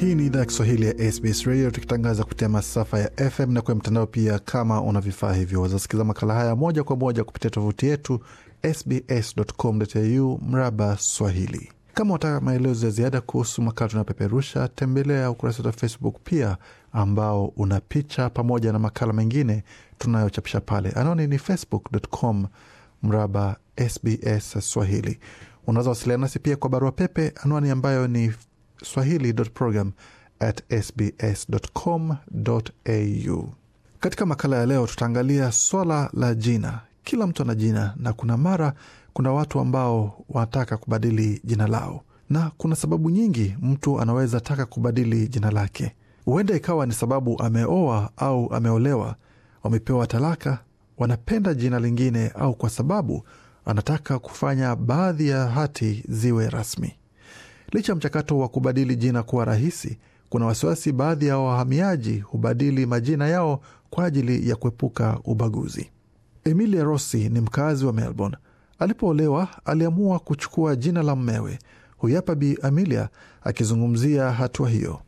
hii ni idhaa ya Kiswahili ya SBS Radio tukitangaza kupitia masafa ya FM na kwenye mtandao pia. Kama una vifaa hivyo, wazasikiza makala haya moja kwa moja kupitia tovuti yetu sbs.com.au mraba swahili. Kama wataka maelezo ya ziada kuhusu makala tunapeperusha, tembelea ukurasa wetu wa Facebook pia ambao una picha pamoja na makala mengine tunayochapisha pale. Anwani ni facebook.com mraba sbs swahili. Unaweza wasiliana nasi pia kwa barua pepe, anwani ambayo ni swahili.program Katika makala ya leo tutaangalia swala la jina. Kila mtu ana jina na kuna mara kuna watu ambao wanataka kubadili jina lao, na kuna sababu nyingi mtu anaweza taka kubadili jina lake. Huenda ikawa ni sababu ameoa au ameolewa, wamepewa talaka, wanapenda jina lingine, au kwa sababu anataka kufanya baadhi ya hati ziwe rasmi. Licha ya mchakato wa kubadili jina kuwa rahisi, kuna wasiwasi baadhi ya wahamiaji hubadili majina yao kwa ajili ya kuepuka ubaguzi. Emilia Rossi ni mkazi wa Melbourne. Alipoolewa aliamua kuchukua jina la mmewe. Huyapa Bi Emilia akizungumzia hatua hiyo.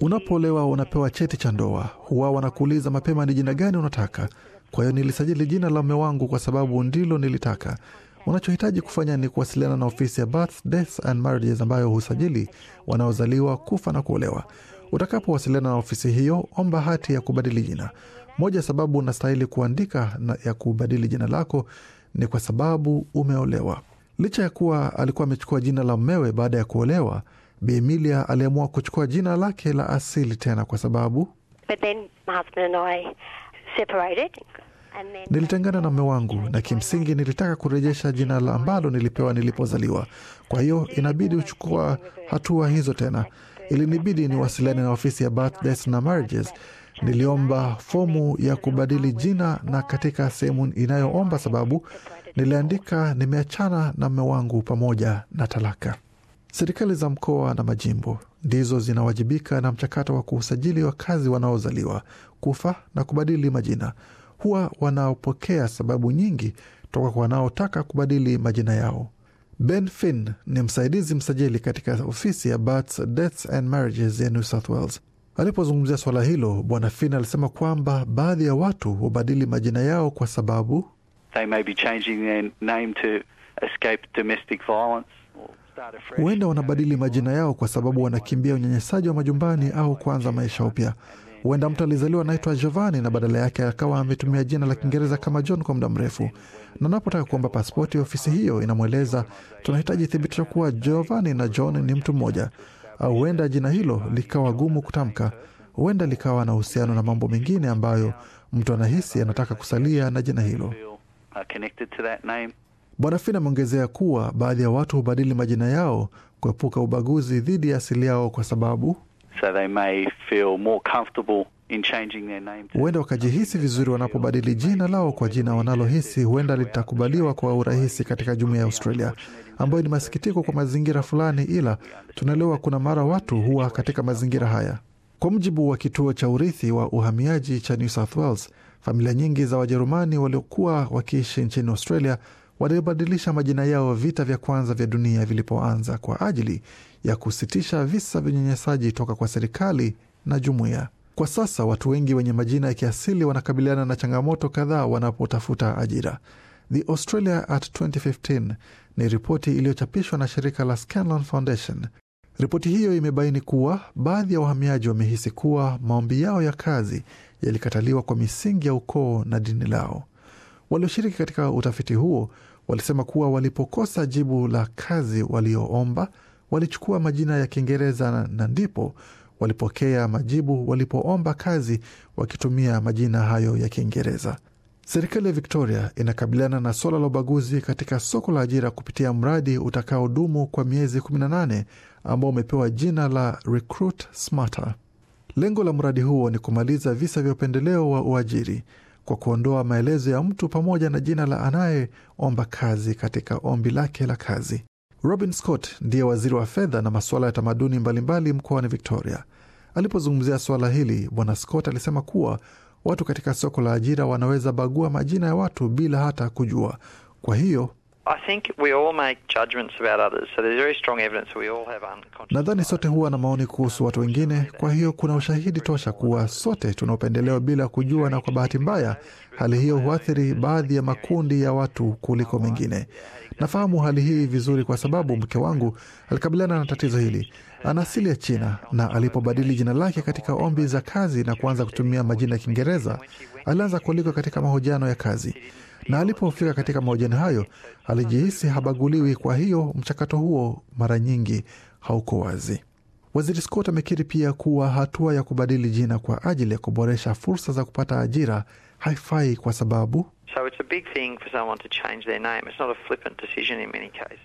Unapoolewa unapewa cheti cha ndoa, huwa wanakuuliza mapema ni jina gani unataka. Kwa hiyo nilisajili jina la mme wangu kwa sababu ndilo nilitaka. Unachohitaji kufanya ni kuwasiliana na ofisi ya Births, Deaths and Marriages ambayo husajili wanaozaliwa, kufa na kuolewa. Utakapowasiliana na ofisi hiyo, omba hati ya kubadili jina. Moja ya sababu unastahili kuandika na ya kubadili jina lako ni kwa sababu umeolewa. Licha ya kuwa alikuwa amechukua jina la mmewe baada ya kuolewa, Bi Emilia aliamua kuchukua jina lake la asili tena kwa sababu But then, Nilitengana na mume wangu na kimsingi nilitaka kurejesha jina la ambalo nilipewa nilipozaliwa. Kwa hiyo inabidi uchukua hatua hizo tena. Ilinibidi niwasiliane na ofisi ya na marriages. Niliomba fomu ya kubadili jina, na katika sehemu inayoomba sababu niliandika nimeachana na mume wangu pamoja na talaka. Serikali za mkoa na majimbo ndizo zinawajibika na mchakato wa kuusajili wakazi wanaozaliwa, kufa na kubadili majina huwa wanaopokea sababu nyingi toka kwa wanaotaka kubadili majina yao. Ben Finn ni msaidizi msajili katika ofisi ya Births, Deaths and Marriages ya New South Wales. Alipozungumzia swala hilo, Bwana Finn alisema kwamba baadhi ya watu hubadili majina yao kwa sababu huenda wanabadili majina yao kwa sababu wanakimbia unyanyasaji wa majumbani au kuanza maisha upya. Huenda mtu alizaliwa anaitwa Giovanni na badala yake akawa ametumia jina la Kiingereza kama John kwa muda mrefu, na unapotaka kuomba paspoti ofisi hiyo inamweleza tunahitaji thibitisho kuwa Giovanni na John ni mtu mmoja, au huenda jina hilo likawa gumu kutamka, huenda likawa na uhusiano na mambo mengine ambayo mtu anahisi anataka kusalia na jina hilo. Bwana Fin ameongezea kuwa baadhi ya watu hubadili majina yao kuepuka ubaguzi dhidi ya asili yao kwa sababu so they may feel more comfortable Huenda wakajihisi vizuri wanapobadili jina lao kwa jina wanalohisi huenda litakubaliwa kwa urahisi katika jumuia ya Australia, ambayo ni masikitiko kwa mazingira fulani, ila tunaelewa kuna mara watu huwa katika mazingira haya. Kwa mujibu wa kituo cha urithi wa uhamiaji cha New South Wales, familia nyingi za Wajerumani waliokuwa wakiishi nchini Australia walibadilisha majina yao vita vya kwanza vya dunia vilipoanza kwa ajili ya kusitisha visa vya unyanyasaji toka kwa serikali na jumuiya. Kwa sasa watu wengi wenye majina ya kiasili wanakabiliana na changamoto kadhaa wanapotafuta ajira. The Australia at 2015 ni ripoti iliyochapishwa na shirika la Scanlon Foundation. Ripoti hiyo imebaini kuwa baadhi ya wahamiaji wamehisi kuwa maombi yao ya kazi yalikataliwa kwa misingi ya ukoo na dini lao. Walioshiriki katika utafiti huo walisema kuwa walipokosa jibu la kazi walioomba, walichukua majina ya Kiingereza na ndipo walipokea majibu walipoomba kazi wakitumia majina hayo ya Kiingereza. Serikali ya Victoria inakabiliana na suala la ubaguzi katika soko la ajira kupitia mradi utakaodumu kwa miezi 18 ambao umepewa jina la Recruit Smarter. Lengo la mradi huo ni kumaliza visa vya upendeleo wa uajiri kwa kuondoa maelezo ya mtu pamoja na jina la anayeomba kazi katika ombi lake la kazi. Robin Scott ndiye waziri wa fedha na masuala ya tamaduni mbalimbali mkoani Victoria. Alipozungumzia suala hili, Bwana Scott alisema kuwa watu katika soko la ajira wanaweza bagua majina ya watu bila hata kujua. Kwa hiyo I think we all make judgments about others, so there's very strong evidence we all have unconscious. Nadhani sote huwa na maoni kuhusu watu wengine, kwa hiyo kuna ushahidi tosha kuwa sote tuna upendeleo bila kujua, na kwa bahati mbaya hali hiyo huathiri baadhi ya makundi ya watu kuliko mengine. Nafahamu hali hii vizuri kwa sababu mke wangu alikabiliana na tatizo hili. Ana asili ya China na alipobadili jina lake katika ombi za kazi na kuanza kutumia majina ya Kiingereza, alianza kualikwa katika mahojiano ya kazi na alipofika katika mahojiano hayo alijihisi habaguliwi, kwa hiyo mchakato huo mara nyingi hauko wazi. Waziri Scott amekiri pia kuwa hatua ya kubadili jina kwa ajili ya kuboresha fursa za kupata ajira haifai kwa sababu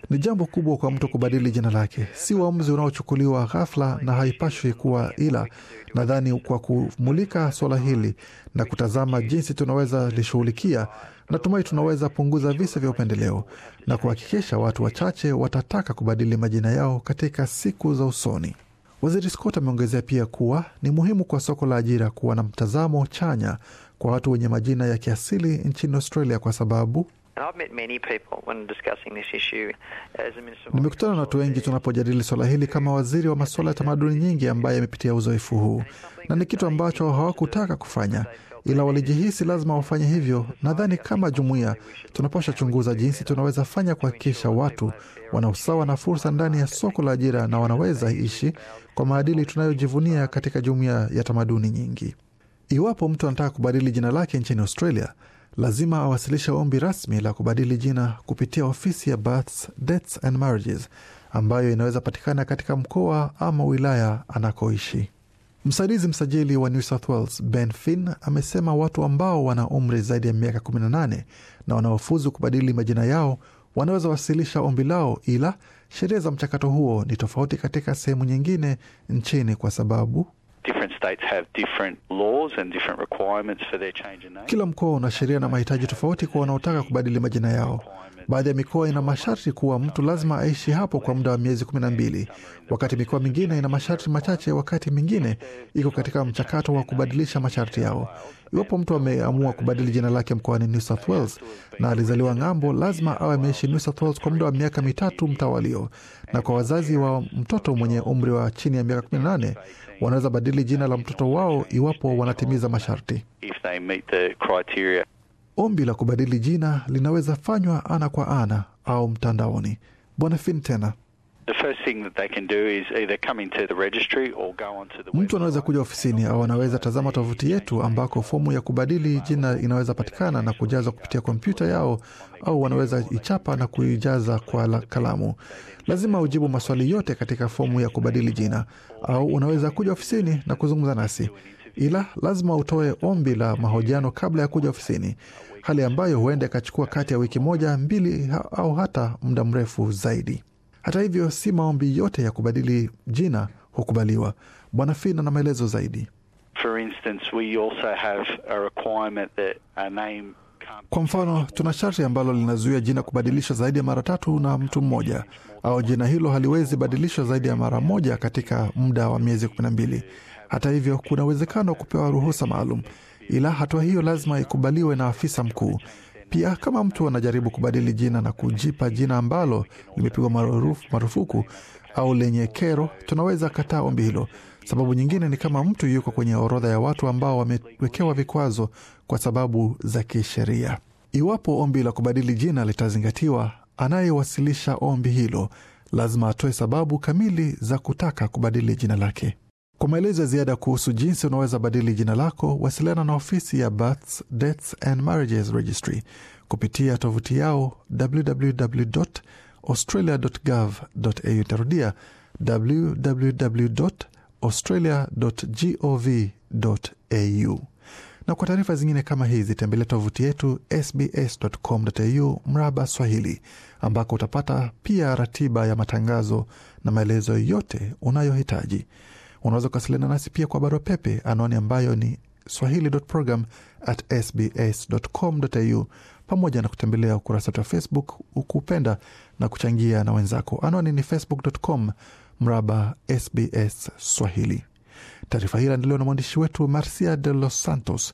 Ni jambo kubwa kwa mtu kubadili jina lake, si uamuzi unaochukuliwa ghafla na haipashwi kuwa, ila nadhani kwa kumulika swala hili na kutazama jinsi tunaweza lishughulikia, natumai tunaweza punguza visa vya upendeleo na kuhakikisha watu wachache watataka kubadili majina yao katika siku za usoni. Waziri Scott ameongezea pia kuwa ni muhimu kwa soko la ajira kuwa na mtazamo chanya kwa watu wenye majina ya kiasili nchini Australia kwa sababu nimekutana na watu wengi tunapojadili swala hili kama waziri wa masuala ya tamaduni nyingi ambaye amepitia uzoefu huu, na ni kitu ambacho hawakutaka kufanya, ila walijihisi lazima wafanye hivyo. Nadhani kama jumuiya tunapasha chunguza jinsi tunaweza fanya kuhakikisha watu wana usawa na fursa ndani ya soko la ajira na wanaweza ishi kwa maadili tunayojivunia katika jumuiya ya tamaduni nyingi. Iwapo mtu anataka kubadili jina lake nchini Australia, lazima awasilishe ombi rasmi la kubadili jina kupitia ofisi ya Births, Deaths and Marriages ambayo inaweza patikana katika mkoa ama wilaya anakoishi. Msaidizi msajili wa New South Wales Ben Finn amesema watu ambao wana umri zaidi ya miaka 18 na wanaofuzu kubadili majina yao wanaweza wasilisha ombi lao, ila sheria za mchakato huo ni tofauti katika sehemu nyingine nchini, kwa sababu different states have different laws and different requirements for their change name. Kila mkoa una sheria na mahitaji tofauti kwa wanaotaka kubadili majina yao. Baadhi ya mikoa ina masharti kuwa mtu lazima aishi hapo kwa muda wa miezi kumi na mbili, wakati mikoa mingine ina masharti machache, wakati mingine iko katika mchakato wa kubadilisha masharti yao. Iwapo mtu ameamua kubadili jina lake mkoani New South Wales na alizaliwa ng'ambo, lazima awe ameishi New South Wales kwa muda wa miaka mitatu mtawalio, na kwa wazazi wa mtoto mwenye umri wa chini ya miaka 18 wanaweza badili kubadili jina la mtoto wao iwapo wanatimiza masharti. Ombi la kubadili jina linaweza fanywa ana kwa ana au mtandaoni. Bwana tena Mtu anaweza kuja ofisini au anaweza tazama tovuti yetu ambako fomu ya kubadili jina inaweza patikana na kujazwa kupitia kompyuta yao, au wanaweza ichapa na kuijaza kwa la kalamu. Lazima ujibu maswali yote katika fomu ya kubadili jina, au unaweza kuja ofisini na kuzungumza nasi, ila lazima utoe ombi la mahojiano kabla ya kuja ofisini, hali ambayo huenda ikachukua kati ya wiki moja, mbili, au hata muda mrefu zaidi. Hata hivyo, si maombi yote ya kubadili jina hukubaliwa. Bwana Fina na maelezo zaidi. For instance, we also have a requirement that a name kwa mfano, tuna sharti ambalo linazuia jina kubadilishwa zaidi ya mara tatu na mtu mmoja, au jina hilo haliwezi badilishwa zaidi ya mara moja katika muda wa miezi kumi na mbili. Hata hivyo, kuna uwezekano wa kupewa ruhusa maalum, ila hatua hiyo lazima ikubaliwe na afisa mkuu. Pia kama mtu anajaribu kubadili jina na kujipa jina ambalo limepigwa marufuku au lenye kero, tunaweza kataa ombi hilo. Sababu nyingine ni kama mtu yuko kwenye orodha ya watu ambao wamewekewa vikwazo kwa sababu za kisheria. Iwapo ombi la kubadili jina litazingatiwa, anayewasilisha ombi hilo lazima atoe sababu kamili za kutaka kubadili jina lake. Kwa maelezo ya ziada kuhusu jinsi unaweza badili jina lako, wasiliana na ofisi ya Births, Deaths and Marriages Registry kupitia tovuti yao www.australia.gov.au. Tarudia www.australia.gov.au. Na kwa taarifa zingine kama hizi tembelea tovuti yetu sbs.com.au mraba Swahili, ambako utapata pia ratiba ya matangazo na maelezo yote unayohitaji. Unaweza kuwasiliana nasi pia kwa barua pepe, anwani ambayo ni swahili.program@sbs.com.au, pamoja na kutembelea ukurasa wetu wa Facebook ukupenda na kuchangia na wenzako. Anwani ni facebook.com mraba SBS Swahili. Taarifa hii inaendelewa na mwandishi wetu Marcia de los Santos